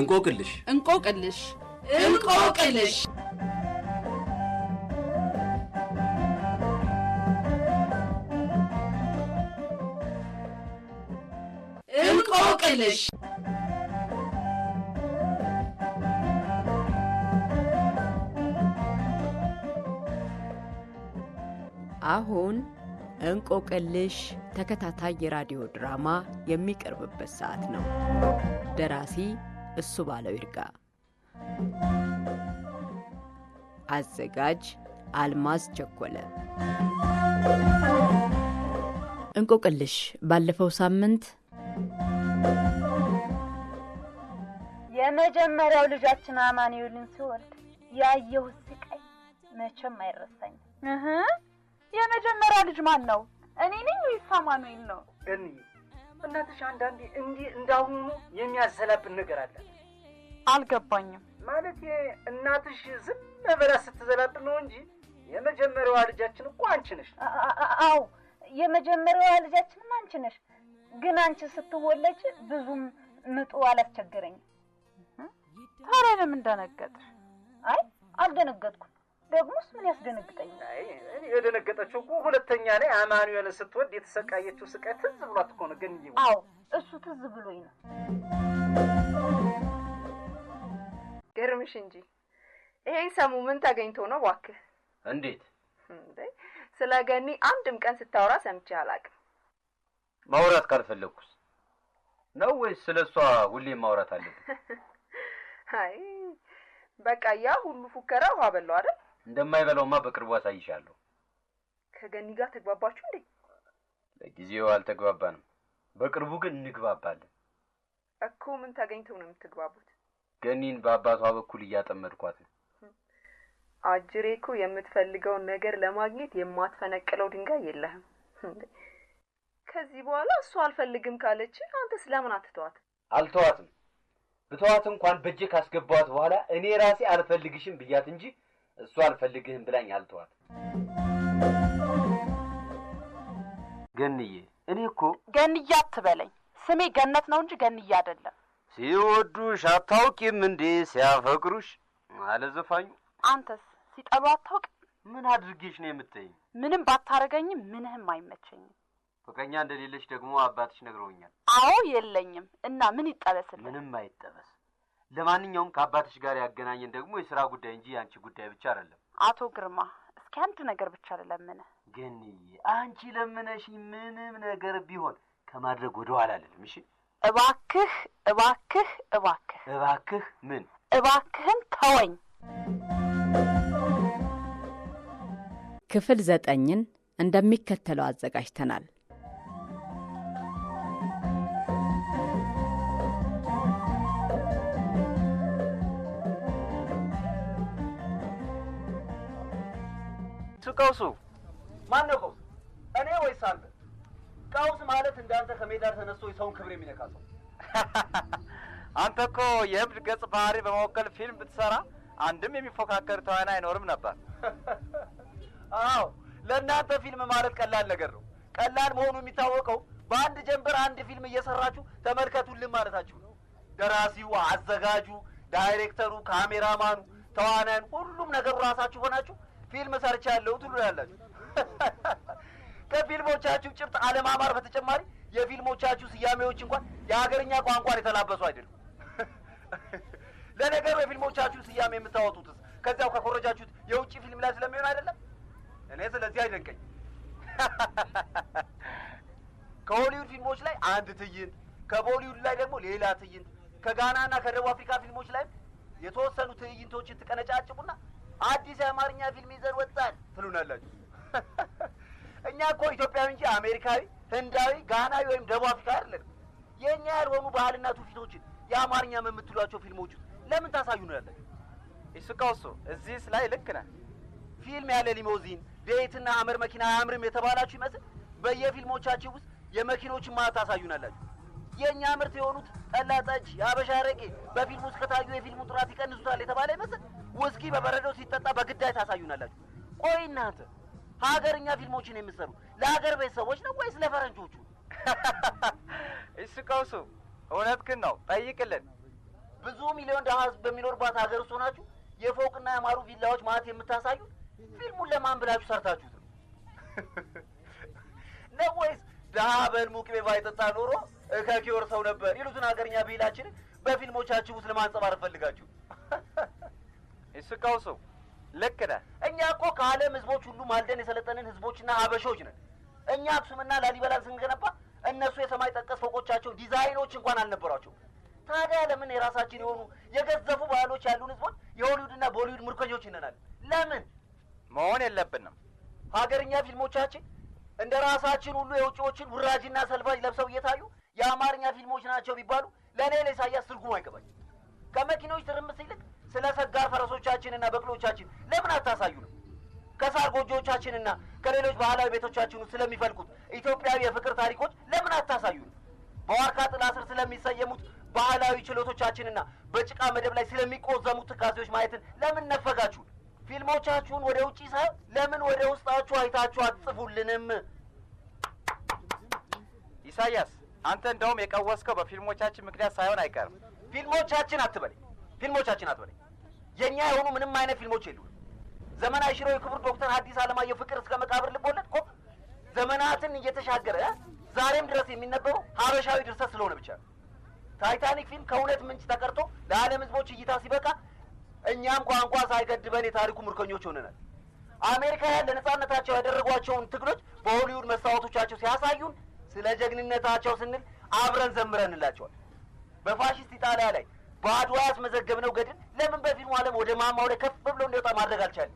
እንቆቅልሽ እንቆቅልሽ እንቆቅልሽ እንቆቅልሽ አሁን እንቆቅልሽ ተከታታይ የራዲዮ ድራማ የሚቀርብበት ሰዓት ነው። ደራሲ እሱ ባለው ይርጋ። አዘጋጅ አልማዝ ቸኮለ። እንቆቅልሽ ባለፈው ሳምንት የመጀመሪያው ልጃችን አማኑኤልን ሲወልድ ያየሁት ስቃይ መቼም አይረሳኝም። የመጀመሪያው ልጅ ማን ነው? እኔ ነኝ ወይስ አማኑኤል ነው? እናትሽ አንዳንዴ እንዲህ እንዳሁኑ የሚያዘላብን ነገር አለ። አልገባኝም። ማለት እናትሽ ዝም ብላ ስትዘላብ ነው እንጂ የመጀመሪያዋ ልጃችን እኮ አንቺ ነሽ። አዎ የመጀመሪያዋ ልጃችንም አንቺ ነሽ። ግን አንቺ ስትወለጅ ብዙም ምጡ አላስቸገረኝም። ታዲያ ለምን ደነገጥሽ? አይ አልደነገጥኩም። ደግሞስ ምን ያስደነግጠኝ? የደነገጠችው እኮ ሁለተኛ ላይ አማኑኤል ስትወድ የተሰቃየችው ስቃይ ትዝ ብሏት እኮ ነው። ግን አዎ እሱ ትዝ ብሎኝ ነው። ገርምሽ እንጂ ይሄን ሰሙ ምን ተገኝቶ ነው እባክህ? እንዴት ስለ ገኒ አንድም ቀን ስታወራ ሰምቼ አላውቅም። ማውራት ካልፈለግኩስ ነው ወይስ ስለ እሷ ሁሌም ማውራት አለብን? አይ በቃ ያ ሁሉ ፉከራ ውሃ በላው አይደል? እንደማይበላውማ በቅርቡ አሳይሻለሁ። ከገኒ ጋር ተግባባችሁ እንዴ? ለጊዜው አልተግባባንም፣ በቅርቡ ግን እንግባባለን። እኮ ምን ተገኝተው ነው የምትግባቡት? ገኒን በአባቷ በኩል እያጠመድኳት ነው። አጅሬ እኮ የምትፈልገውን ነገር ለማግኘት የማትፈነቅለው ድንጋይ የለህም። ከዚህ በኋላ እሱ አልፈልግም ካለች አንተ ስለምን አትተዋት? አልተዋትም። ብተዋት እንኳን በእጄ ካስገባዋት በኋላ እኔ ራሴ አልፈልግሽም ብያት እንጂ እሷ አልፈልግህም ብላኝ አልተዋት። ገንዬ እኔ እኮ ገንዬ አትበለኝ። ስሜ ገነት ነው እንጂ ገንዬ አይደለም። ሲወዱሽ አታውቂም እንዴ? ሲያፈቅሩሽ አለ ዘፋኙ። አንተስ ሲጠሉ አታውቅ? ምን አድርጌሽ ነው የምትይኝ? ምንም ባታረገኝም ምንህም አይመቸኝም። ፍቅረኛ እንደሌለሽ ደግሞ አባትሽ ነግረውኛል። አዎ የለኝም። እና ምን ይጠበስልህ? ምንም አይጠበስ። ለማንኛውም ከአባትሽ ጋር ያገናኘን ደግሞ የስራ ጉዳይ እንጂ የአንቺ ጉዳይ ብቻ አይደለም። አቶ ግርማ እስኪ አንድ ነገር ብቻ ልለምነ። ግን አንቺ ለምነሽ ምንም ነገር ቢሆን ከማድረግ ወደ ኋላ አልልም። እሺ እባክህ፣ እባክህ፣ እባክህ፣ እባክህ ምን እባክህን ተወኝ። ክፍል ዘጠኝን እንደሚከተለው አዘጋጅተናል። ቀውሱ ማን ነው? ቀውስ እኔ ወይስ አንተ? ቀውስ ማለት እንዳንተ ከሜዳር ተነስቶ የሰውን ክብር የሚነካ ሰው። አንተ እኮ የእብድ ገጽ ባህሪ በመወከል ፊልም ብትሰራ አንድም የሚፎካከር ተዋና አይኖርም ነበር። አዎ ለእናንተ ፊልም ማለት ቀላል ነገር ነው። ቀላል መሆኑ የሚታወቀው በአንድ ጀንበር አንድ ፊልም እየሰራችሁ ተመልከቱልን ማለታችሁ ነው። ደራሲው፣ አዘጋጁ፣ ዳይሬክተሩ፣ ካሜራማኑ፣ ተዋናያን ሁሉም ነገሩ ራሳችሁ ሆናችሁ ፊልም ሰርቻለሁ ትሉ ያላችሁ። ከፊልሞቻችሁ ጭብጥ አለማማር በተጨማሪ የፊልሞቻችሁ ስያሜዎች እንኳን የሀገርኛ ቋንቋን የተላበሱ አይደሉም። ለነገሩ የፊልሞቻችሁ ስያሜ የምታወጡትስ ከዚያው ከኮረጃችሁት የውጭ ፊልም ላይ ስለሚሆን አይደለም። እኔ ስለዚህ አይደንቀኝ። ከሆሊውድ ፊልሞች ላይ አንድ ትዕይንት፣ ከቦሊውድ ላይ ደግሞ ሌላ ትዕይንት፣ ከጋና እና ከደቡብ አፍሪካ ፊልሞች ላይ የተወሰኑ ትዕይንቶችን ትቀነጫጭቁና አዲስ የአማርኛ ፊልም ይዘን ወጣን ትሉናላችሁ። እኛ እኮ ኢትዮጵያዊ እንጂ አሜሪካዊ፣ ህንዳዊ፣ ጋናዊ ወይም ደቡብ አፍሪካ አይደለም። የእኛ ያልሆኑ ባህልና ትውፊቶችን የአማርኛም የምትሏቸው ፊልሞች ለምን ታሳዩናላችሁ? ይስቃውሶ እዚህስ ላይ ልክ ነህ። ፊልም ያለ ሊሞዚን ቤትና አመር መኪና አያምርም የተባላችሁ ይመስል በየፊልሞቻችን ውስጥ የመኪኖችን ማለት ታሳዩናላችሁ። የእኛ ምርት የሆኑት ጠላ ጠጅ፣ የአበሻ አረቄ በፊልም ውስጥ ከታዩ የፊልሙ ጥራት ይቀንሱታል የተባለ ይመስል ወስኪ በበረዶ ሲጠጣ በግዳይ ታሳዩናላችሁ። ቆይ እናንተ ሀገርኛ ፊልሞችን የምትሰሩ ለሀገር ቤት ሰዎች ነው ወይስ ለፈረንጆቹ? እሱ ቀውሱ እውነትህን ነው፣ ጠይቅልን። ብዙ ሚሊዮን ደሀ ህዝብ በሚኖርባት ሀገር ውስጥ ሆናችሁ የፎቅና ያማሩ ቪላዎች ማለት የምታሳዩ ፊልሙን ለማን ብላችሁ ሰርታችሁት ነው ወይስ ደሀ በህልሙ ቅቤ ባይጠጣ ኖሮ ከኪዮር ሰው ነበር ይሉትን ሀገርኛ ብሂላችንን በፊልሞቻችሁ ውስጥ ለማንጸባረቅ ፈልጋችሁ የስቃው ሰው ልክ ነህ። እኛ እኮ ከዓለም ህዝቦች ሁሉ ማልደን የሰለጠንን ህዝቦችና አበሾች ነን። እኛ አክሱምና ላሊበላን ስንገነባ እነሱ የሰማይ ጠቀስ ፎቆቻቸው ዲዛይኖች እንኳን አልነበሯቸው። ታዲያ ለምን የራሳችን የሆኑ የገዘፉ ባህሎች ያሉን ህዝቦች የሆሊውድና ቦሊውድ ምርኮኞች ይነናል? ለምን መሆን የለብንም። ሀገርኛ ፊልሞቻችን እንደ ራሳችን ሁሉ የውጭዎችን ውራጅና ሰልባጅ ለብሰው እየታዩ የአማርኛ ፊልሞች ናቸው ቢባሉ ለእኔ ለኢሳያስ ትርጉም አይገባኝ። ከመኪኖች ትርምስ ይልቅ ስለ ሰጋር ፈረሶቻችንና በቅሎቻችን ለምን አታሳዩን? ከሳር ና ከሌሎች ባህላዊ ቤቶቻችን ውስጥ ስለሚፈልቁት ኢትዮጵያዊ የፍቅር ታሪኮች ለምን አታሳዩን በዋርካ ጥላ ስር ስለሚሰየሙት ባህላዊ ችሎቶቻችንና በጭቃ መደብ ላይ ስለሚቆዘሙት ትካዜዎች ማየትን ለምን ነፈጋችሁ? ፊልሞቻችሁን ወደ ውጪ ሳ ለምን ወደ ውስጣችሁ አይታችሁ አትጽፉልንም? ኢሳያስ አንተ እንደውም የቀወስከው በፊልሞቻችን ምክንያት ሳይሆን አይቀርም። ፊልሞቻችን አትበለኝ፣ ፊልሞቻችን አትበለኝ። የእኛ የሆኑ ምንም አይነት ፊልሞች የሉ ዘመን አይሽሮ የክቡር ዶክተር ሐዲስ ዓለማየሁ ፍቅር እስከ መቃብር ልቦለድ እኮ ዘመናትን እየተሻገረ ዛሬም ድረስ የሚነበሩ ሀበሻዊ ድርሰት ስለሆነ ብቻ ነው። ታይታኒክ ፊልም ከእውነት ምንጭ ተቀርጦ ለዓለም ህዝቦች እይታ ሲበቃ እኛም ቋንቋ ሳይገድበን የታሪኩ ምርኮኞች ሆነናል። አሜሪካውያን ለነጻነታቸው ያደረጓቸውን ትግሎች በሆሊውድ መስታወቶቻቸው ሲያሳዩን ስለ ጀግንነታቸው ስንል አብረን ዘምረንላቸዋል። በፋሽስት ኢጣሊያ ላይ በአድዋ ያስመዘገብነው ገድል ለምን በፊልሙ አለም ወደ ማማ ወደ ከፍ ብሎ እንዲወጣ ማድረግ አልቻለ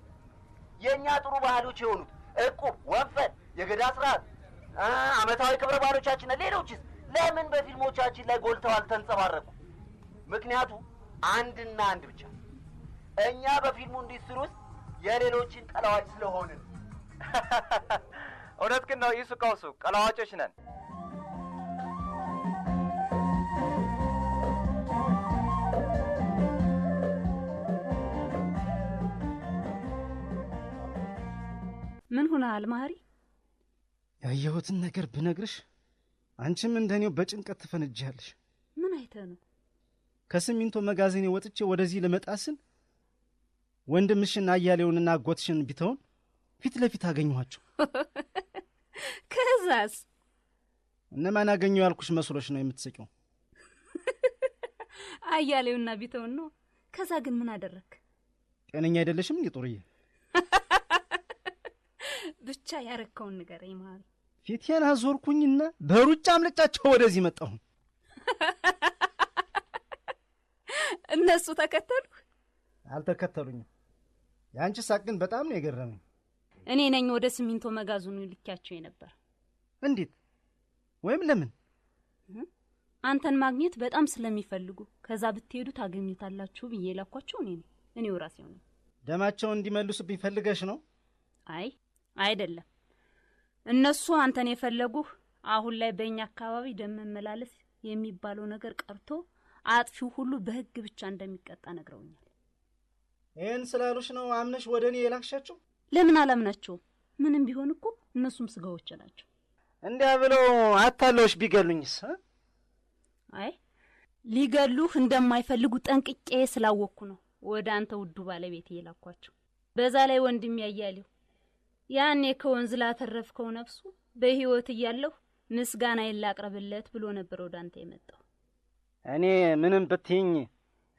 የእኛ ጥሩ ባህሎች የሆኑት እቁብ፣ ወንፈል፣ የገዳ ስርዓት፣ አመታዊ ክብረ ባህሎቻችንና ሌሎችስ ለምን በፊልሞቻችን ላይ ጎልተው አልተንጸባረቁ? ምክንያቱ አንድና አንድ ብቻ፣ እኛ በፊልሙ እንዲስር ውስጥ የሌሎችን ቀላዋጭ ስለሆንን። እውነት ግን ነው። ይሱ ቀውሱ ቀላዋጮች ነን። ሆነሃል ማሪ? ያየሁትን ነገር ብነግርሽ አንቺም እንደኔው በጭንቀት ትፈንጃለሽ። ምን አይተህ ነው? ከስሚንቶ መጋዘኔ ወጥቼ ወደዚህ ልመጣ ስል ወንድምሽን አያሌውንና አጎትሽን ቢተውን ፊት ለፊት አገኘኋቸው። ከዛስ? እነማን አገኘው ያልኩሽ መስሎሽ ነው የምትስቂው? አያሌውና ቢተውን ነው። ከዛ ግን ምን አደረግክ? ጤነኛ አይደለሽም እንዴ ብቻ ያረከውን ነገር ማሪ ፊቴን አዞርኩኝና በሩጫ አምልጫቸው ወደዚህ መጣሁ። እነሱ ተከተሉ አልተከተሉኝም። የአንቺ ሳቅ ግን በጣም ነው የገረመኝ። እኔ ነኝ ወደ ሲሚንቶ መጋዘኑ ልኪያቸው የነበረ? እንዴት ወይም ለምን? አንተን ማግኘት በጣም ስለሚፈልጉ ከዛ ብትሄዱ ታገኙታላችሁ ብዬ ላኳቸው። እኔ ነኝ እኔው ራሴው ነኝ። ደማቸውን እንዲመልሱ ቢፈልገሽ ነው? አይ አይደለም። እነሱ አንተን የፈለጉህ አሁን ላይ በእኛ አካባቢ ደም መመላለስ የሚባለው ነገር ቀርቶ አጥፊው ሁሉ በህግ ብቻ እንደሚቀጣ ነግረውኛል። ይህን ስላሉሽ ነው አምነሽ ወደ እኔ የላክሻቸው? ለምን አላምናቸውም? ምንም ቢሆን እኮ እነሱም ስጋዎች ናቸው። እንዲያ ብለው አታለዎች ቢገሉኝስ? አይ ሊገሉህ እንደማይፈልጉ ጠንቅቄ ስላወቅኩ ነው ወደ አንተ ውዱ ባለቤት የላኳቸው። በዛ ላይ ወንድም ያያሌው ያኔ ከወንዝ ላተረፍከው ነፍሱ በህይወት እያለሁ ምስጋና የላቅረብለት ብሎ ነበር ወዳንተ የመጣው። እኔ ምንም ብትይኝ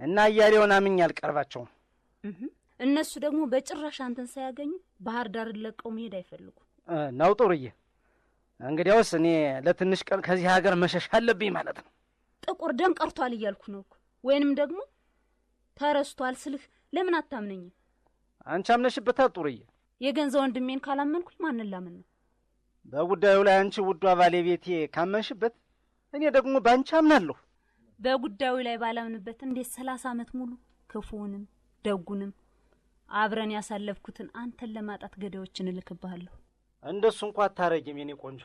እና እያሌውን አምኜ አልቀርባቸውም። እነሱ ደግሞ በጭራሽ አንተን ሳያገኙ ባህር ዳር ለቀው መሄድ አይፈልጉም። ነው ጥሩዬ፣ እንግዲያውስ እኔ ለትንሽ ቀን ከዚህ ሀገር መሸሽ አለብኝ ማለት ነው። ጥቁር ደም ቀርቷል እያልኩ ነው እኮ ወይንም ደግሞ ተረስቷል ስልህ ለምን አታምነኝም? አንቺ አምነሽበታል ጥሩዬ። የገንዘብ ወንድሜን ካላመንኩኝ ማንን ላምን ነው? በጉዳዩ ላይ አንቺ ውዷ ባለቤቴ ካመንሽበት፣ እኔ ደግሞ ባንቺ አምናለሁ። በጉዳዩ ላይ ባላምንበት እንዴት ሰላሳ ዓመት ሙሉ ክፉውንም ደጉንም አብረን ያሳለፍኩትን አንተን ለማጣት ገዳዮችን እልክብሃለሁ። እንደሱ እንኳ አታረጊም የኔ ቆንጆ።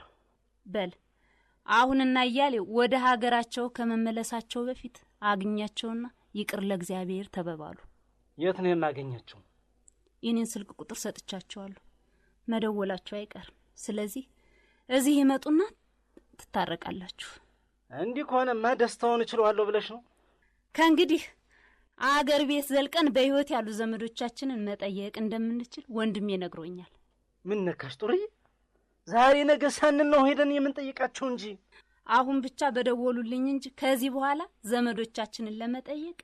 በል አሁንና እያሌ ወደ ሀገራቸው ከመመለሳቸው በፊት አግኛቸውና ይቅር ለእግዚአብሔር ተበባሉ። የት ነው የማገኛቸው? የኔን ስልክ ቁጥር ሰጥቻቸዋለሁ። መደወላቸው አይቀርም። ስለዚህ እዚህ ይመጡና ትታረቃላችሁ። እንዲህ ከሆነማ ደስታውን እችለዋለሁ ብለሽ ነው? ከእንግዲህ አገር ቤት ዘልቀን በሕይወት ያሉ ዘመዶቻችንን መጠየቅ እንደምንችል ወንድሜ ነግሮኛል። ምን ነካሽ ጡርዬ? ዛሬ ነገ ሳንን ነው ሄደን የምንጠይቃቸው እንጂ አሁን ብቻ በደወሉልኝ እንጂ ከዚህ በኋላ ዘመዶቻችንን ለመጠየቅ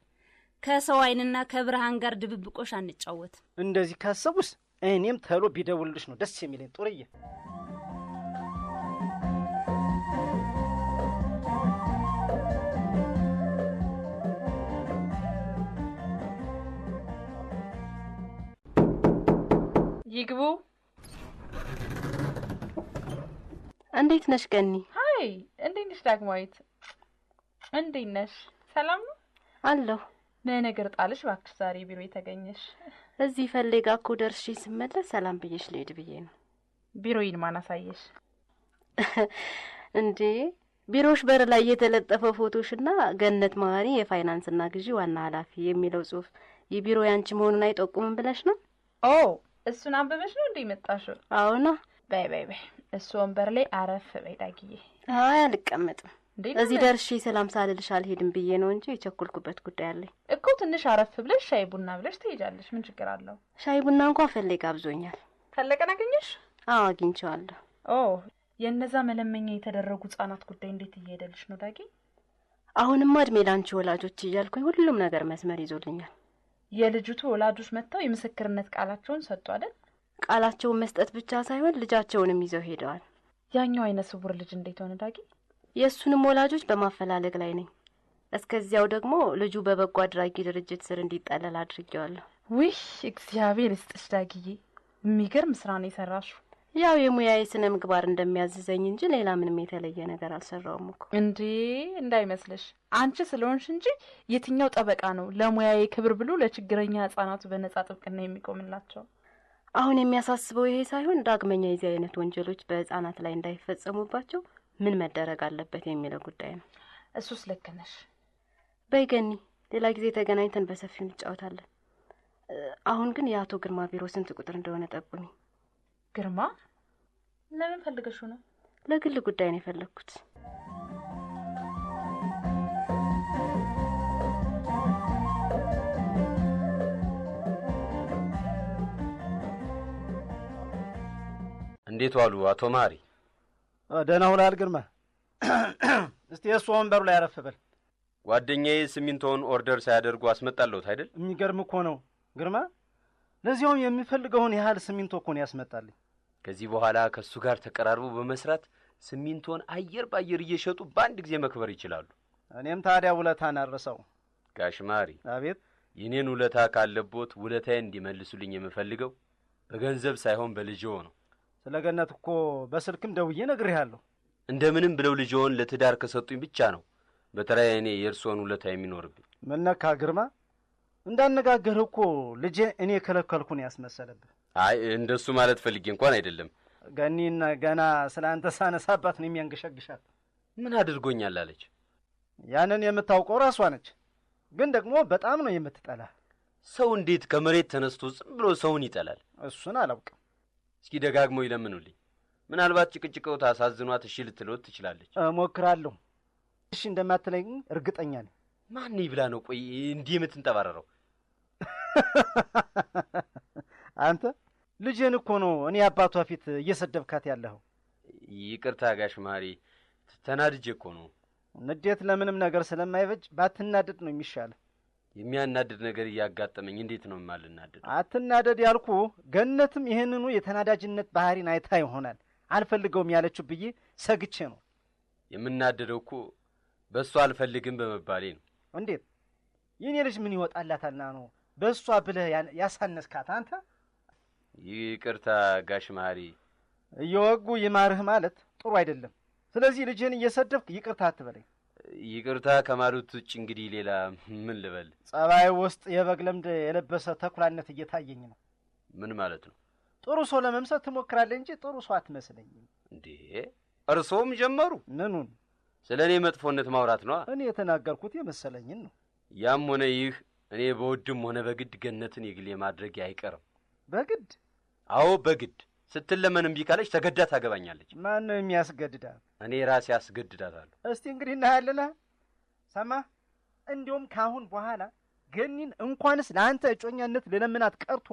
ከሰው አይንና ከብርሃን ጋር ድብብቆሽ አንጫወት። እንደዚህ ካሰቡስ እኔም ተሎ ቢደውልልሽ ነው ደስ የሚለኝ ጡርዬ። ይግቡ። እንዴት ነሽ ገኒ? ሀይ፣ እንዴት ነሽ ዳግማዊት? እንዴት ነሽ? ሰላም ነው አለሁ ምን ነገር ጣልሽ እባክሽ፣ ዛሬ ቢሮ የተገኘሽ እዚህ ፈልጋ እኮ ደርሼ ስመለስ ሰላም ብዬሽ ልሄድ ብዬ ነው። ቢሮ ማን አሳየሽ እንዴ? ቢሮሽ በር ላይ የተለጠፈ ፎቶሽና ገነት መዋሪ የፋይናንስና ግዢ ዋና ኃላፊ የሚለው ጽሁፍ የቢሮ ያንቺ መሆኑን አይጠቁምም ብለሽ ነው? ኦ እሱን አንብበሽ ነው እንዴ መጣሽው? አዎና። በይ በይ በይ፣ እሱ ወንበር ላይ አረፍ በይ ዳጊዬ። አይ አልቀመጥም እዚህ ደርሼ ሰላም ሳልልሽ አልሄድም ብዬ ነው እንጂ የቸኩልኩበት ጉዳይ አለኝ እኮ። ትንሽ አረፍ ብለሽ ሻይ ቡና ብለሽ ትሄጃለሽ። ምን ችግር አለው? ሻይ ቡና እንኳ ፈለግ አብዞኛል። ፈለቀን አገኘሽ? አዎ አግኝቸዋለሁ። ኦ የእነዛ መለመኛ የተደረጉ ህጻናት ጉዳይ እንዴት እየሄደልሽ ነው ዳጊ? አሁንማ እድሜ ላንቺ ወላጆች እያልኩኝ ሁሉም ነገር መስመር ይዞልኛል። የልጅቱ ወላጆች መጥተው የምስክርነት ቃላቸውን ሰጡ አይደል? ቃላቸውን መስጠት ብቻ ሳይሆን ልጃቸውንም ይዘው ሄደዋል። ያኛው አይነ ስውር ልጅ እንዴት ሆነ ዳጌ የእሱንም ወላጆች በማፈላለግ ላይ ነኝ። እስከዚያው ደግሞ ልጁ በበጎ አድራጊ ድርጅት ስር እንዲጠለል አድርጌዋለሁ። ውሽ እግዚአብሔር ይስጥሽ ዳግዬ፣ የሚገርም ስራ ነው የሰራሹ። ያው የሙያዬ ስነ ምግባር እንደሚያዝዘኝ እንጂ ሌላ ምንም የተለየ ነገር አልሰራውም እኮ። እንዴ እንዳይመስልሽ አንቺ ስለሆንሽ እንጂ የትኛው ጠበቃ ነው ለሙያዬ ክብር ብሎ ለችግረኛ ህጻናቱ በነጻ ጥብቅና የሚቆምላቸው? አሁን የሚያሳስበው ይሄ ሳይሆን ዳግመኛ የዚህ አይነት ወንጀሎች በህጻናት ላይ እንዳይፈጸሙባቸው ምን መደረግ አለበት የሚለው ጉዳይ ነው። እሱስ ልክ ነሽ። በይ ገኒ፣ ሌላ ጊዜ ተገናኝተን በሰፊው እንጫወታለን። አሁን ግን የአቶ ግርማ ቢሮ ስንት ቁጥር እንደሆነ ጠቁሚ። ግርማ? ለምን ፈልገሽው ነው? ለግል ጉዳይ ነው የፈለግኩት። እንዴት ዋሉ አቶ ማሪ? ደህና ሁላል ግርማ። እስቲ የእሱ ወንበሩ ላይ አረፍ በል። ጓደኛዬ ሲሚንቶውን ኦርደር ሳያደርጉ አስመጣለሁት አይደል? የሚገርም እኮ ነው ግርማ። ለዚያውም የሚፈልገውን ያህል ሲሚንቶ እኮ ነው ያስመጣልኝ። ከዚህ በኋላ ከእሱ ጋር ተቀራርቦ በመስራት ሲሚንቶን አየር በአየር እየሸጡ በአንድ ጊዜ መክበር ይችላሉ። እኔም ታዲያ ውለታን አረሳው። ጋሽማሪ። አቤት። የኔን ውለታ ካለቦት ውለታዬ እንዲመልሱልኝ የምፈልገው በገንዘብ ሳይሆን በልጅዎ ነው። ስለ ገነት እኮ በስልክም ደውዬ ነግሬሃለሁ። እንደምንም ብለው ልጅዎን ለትዳር ከሰጡኝ ብቻ ነው በተለይ እኔ የእርስዎን ውለታ የሚኖርብኝ። ምነካ ግርማ? እንዳነጋገርህ እኮ ልጄ እኔ የከለከልኩን ያስመሰለብህ። አይ እንደሱ ማለት ፈልጌ እንኳን አይደለም። ገኒን ገና ስለ አንተ ሳነሳባት ነው የሚያንገሸግሻት። ምን አድርጎኛል አለች። ያንን የምታውቀው ራሷ ነች። ግን ደግሞ በጣም ነው የምትጠላ። ሰው እንዴት ከመሬት ተነስቶ ዝም ብሎ ሰውን ይጠላል? እሱን አላውቅም። እስኪ ደጋግሞ ይለምኑልኝ። ምናልባት ጭቅጭቀው ታሳዝኗት እሺ ልትሎት ትችላለች። እሞክራለሁ። እሺ እንደማትለኝ እርግጠኛ ነኝ። ማን ይብላ ነው ቆይ እንዲህ የምትንጠባረረው? አንተ ልጅን እኮ ነው እኔ አባቷ ፊት እየሰደብካት ያለኸው። ይቅርታ ጋሽ ማሪ፣ ተናድጄ እኮ ነው። ንዴት ለምንም ነገር ስለማይበጅ ባትናደድ ነው የሚሻለው። የሚያናድድ ነገር እያጋጠመኝ እንዴት ነው የማልናደድ? አትናደድ ያልኩ። ገነትም ይህንኑ የተናዳጅነት ባህሪን አይታ ይሆናል አልፈልገውም ያለችው ብዬ ሰግቼ ነው። የምናደደው እኮ በእሷ አልፈልግም በመባሌ ነው። እንዴት የእኔ ልጅ ምን ይወጣላታልና ነው በእሷ ብለህ ያሳነስካት አንተ? ይቅርታ ጋሽ ማሪ፣ እየወጉ ይማርህ ማለት ጥሩ አይደለም። ስለዚህ ልጅህን እየሰደብክ ይቅርታ አትበለኝ። ይቅርታ ከማሉት ውጭ እንግዲህ ሌላ ምን ልበል? ጸባይ ውስጥ የበግ ለምድ የለበሰ ተኩላነት እየታየኝ ነው። ምን ማለት ነው? ጥሩ ሰው ለመምሰል ትሞክራለህ እንጂ ጥሩ ሰው አትመስለኝም። እንዴ እርሶም ጀመሩ? ምኑን? ስለ እኔ መጥፎነት ማውራት ነዋ። እኔ የተናገርኩት የመሰለኝን ነው። ያም ሆነ ይህ እኔ በውድም ሆነ በግድ ገነትን የግሌ ማድረግ አይቀርም። በግድ? አዎ በግድ ስትለመን እምቢ ካለች ተገዳ ታገባኛለች። ማን ነው የሚያስገድዳት? እኔ ራሴ አስገድዳታለሁ። እስቲ እንግዲህ እናያለና ሰማ። እንዲሁም ካሁን በኋላ ገኒን እንኳንስ ለአንተ እጮኛነት ልለምናት ቀርቶ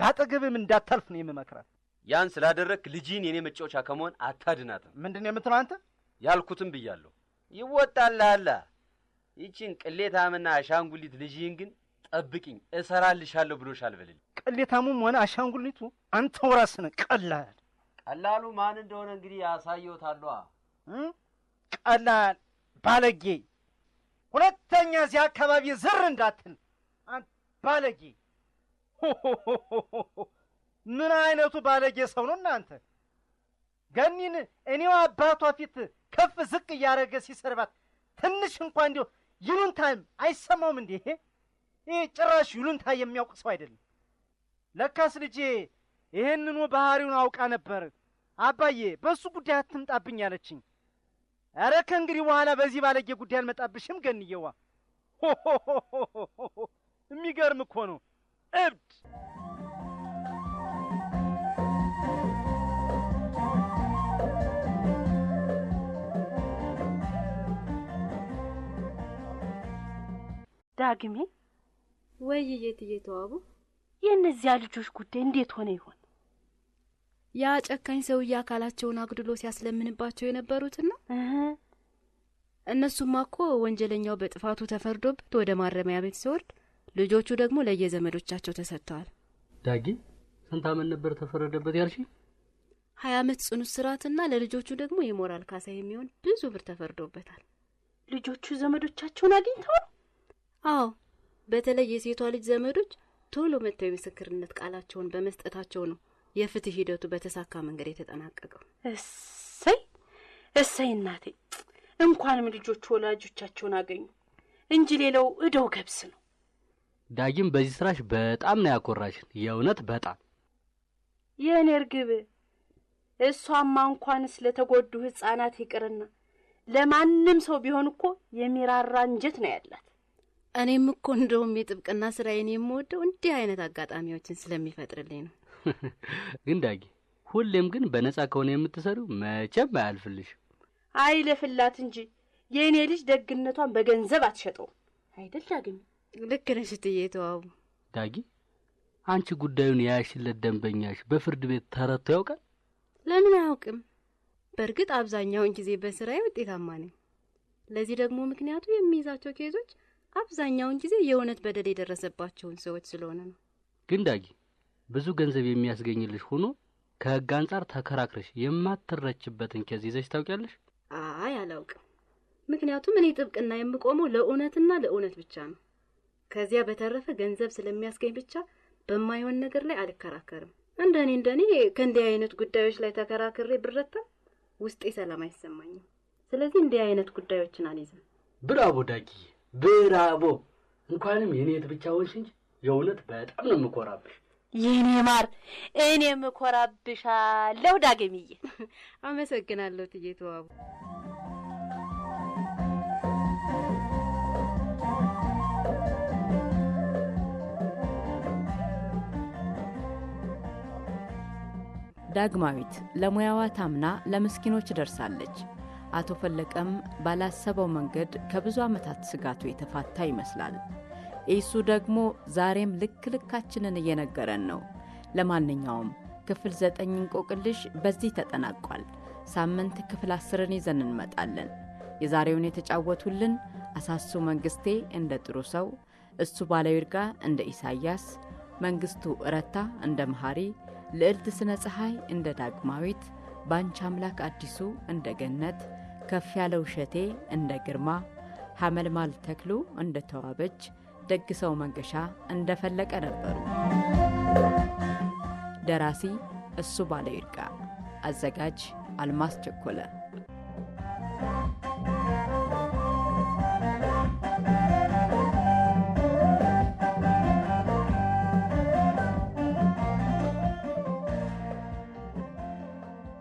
ባጠገብም እንዳታልፍ ነው የምመክራት። ያን ስላደረግክ ልጅን የእኔ መጫወቻ ከመሆን አታድናትም። ምንድን ነው የምትለው አንተ? ያልኩትም ብያለሁ። ይወጣልሃላ። ይቺን ቅሌታምና አሻንጉሊት ልጅህን ግን ጠብቅኝ፣ እሰራልሻለሁ ብሎሻል በልል። ቅሌታሙም ሆነ አሻንጉሊቱ አንተው ራስህ ነህ። ቀላል ቀላሉ ማን እንደሆነ እንግዲህ ያሳየውታለዋ። ቀላል ባለጌ። ሁለተኛ እዚህ አካባቢ ዝር እንዳትል ባለጌ። ምን አይነቱ ባለጌ ሰው ነው እናንተ! ገኒን እኔው አባቷ ፊት ከፍ ዝቅ እያደረገ ሲሰርባት ትንሽ እንኳ እንዲሁ ይሉንታም አይሰማውም እንዴ? ይህ ጭራሽ ይሉንታ የሚያውቅ ሰው አይደለም። ለካስ ልጄ ይህንኑ ባህሪውን አውቃ ነበር። አባዬ በእሱ ጉዳይ አትምጣብኝ አለችኝ። ኧረ ከእንግዲህ በኋላ በዚህ ባለጌ ጉዳይ አልመጣብሽም ገንየዋ። የሚገርም እኮ ነው እብድ። ዳግሜ ወይ የትየተዋቡ እየተዋቡ የእነዚያ ልጆች ጉዳይ እንዴት ሆነ ይሆን? ያ ጨካኝ ሰውዬ አካላቸውን አጉድሎ ሲያስለምንባቸው የነበሩት ነው። እነሱማ እኮ ወንጀለኛው በጥፋቱ ተፈርዶበት ወደ ማረሚያ ቤት ሲወርድ ልጆቹ ደግሞ ለየዘመዶቻቸው ተሰጥተዋል። ዳጊ ስንት ዓመት ነበር ተፈረደበት ያልሽ? ሀያ ዓመት ጽኑ እስራትና ለልጆቹ ደግሞ የሞራል ካሳ የሚሆን ብዙ ብር ተፈርዶበታል። ልጆቹ ዘመዶቻቸውን አግኝተዋል? አዎ፣ በተለይ የሴቷ ልጅ ዘመዶች ቶሎ መጥተው የምስክርነት ቃላቸውን በመስጠታቸው ነው የፍትህ ሂደቱ በተሳካ መንገድ የተጠናቀቀው። እሰይ እሰይ! እናቴ እንኳንም ልጆቹ ወላጆቻቸውን አገኙ እንጂ ሌላው እደው ገብስ ነው። ዳጊም በዚህ ስራሽ በጣም ነው ያኮራሽን፣ የእውነት በጣም የእኔ እርግብ። እሷማ እንኳንስ ለተጎዱ ህጻናት ይቅርና ለማንም ሰው ቢሆን እኮ የሚራራ እንጀት ነው ያላት። እኔም እኮ እንደውም የጥብቅና ስራዬን የምወደው እንዲህ አይነት አጋጣሚዎችን ስለሚፈጥርልኝ ነው። ግን ዳጊ ሁሌም ግን በነጻ ከሆነ የምትሰሪው መቼም አያልፍልሽ። አይ ለፍላት እንጂ የእኔ ልጅ ደግነቷን በገንዘብ አትሸጠውም አይደል? ዳግም ልክ ነሽ እትዬ ተዋቡ። ዳጊ አንቺ ጉዳዩን የያሽለት ደንበኛሽ በፍርድ ቤት ተረቶ ያውቃል? ለምን አያውቅም? በእርግጥ አብዛኛውን ጊዜ በስራዬ ውጤታማ ነኝ። ለዚህ ደግሞ ምክንያቱ የሚይዛቸው ኬዞች አብዛኛውን ጊዜ የእውነት በደል የደረሰባቸውን ሰዎች ስለሆነ ነው። ግን ዳጊ ብዙ ገንዘብ የሚያስገኝልሽ ሆኖ ከህግ አንጻር ተከራክረሽ የማትረችበትን ኬዝ ይዘሽ ታውቂያለሽ? አይ አላውቅም። ምክንያቱም እኔ ጥብቅና የምቆመው ለእውነትና ለእውነት ብቻ ነው። ከዚያ በተረፈ ገንዘብ ስለሚያስገኝ ብቻ በማይሆን ነገር ላይ አልከራከርም። እንደ እኔ እንደ እኔ ከእንዲህ አይነት ጉዳዮች ላይ ተከራክሬ ብረታ ውስጤ ሰላም አይሰማኝም። ስለዚህ እንዲህ አይነት ጉዳዮችን አልይዝም። ብራቦ ዳጊ፣ ብራቦ! እንኳንም የኔት ብቻ ሆንሽ እንጂ የእውነት በጣም ነው የምኮራብሽ። የኔ ማር እኔ ምኮራብሻለሁ። ዳግምዬ። አመሰግናለሁ ትዬ ተዋቡ። ዳግማዊት ለሙያዋ ታምና ለምስኪኖች ደርሳለች። አቶ ፈለቀም ባላሰበው መንገድ ከብዙ ዓመታት ስጋቱ የተፋታ ይመስላል። ኢሱ ደግሞ ዛሬም ልክ ልካችንን እየነገረን ነው። ለማንኛውም ክፍል ዘጠኝ እንቆቅልሽ በዚህ ተጠናቋል። ሳምንት ክፍል አስርን ይዘን እንመጣለን። የዛሬውን የተጫወቱልን አሳሱ መንግስቴ እንደ ጥሩ ሰው፣ እሱ ባለይርጋ እንደ ኢሳያስ፣ መንግስቱ እረታ እንደ መሐሪ፣ ልዕልት ስነ ፀሐይ እንደ ዳግማዊት፣ ባንቺ አምላክ አዲሱ እንደ ገነት፣ ከፍ ያለው እሸቴ እንደ ግርማ፣ ሐመልማል ተክሉ እንደ ተዋበች ደግሰው መንገሻ እንደፈለቀ ነበሩ። ደራሲ እሱ ባለ ይርጋ፣ አዘጋጅ አልማስ ቸኮለ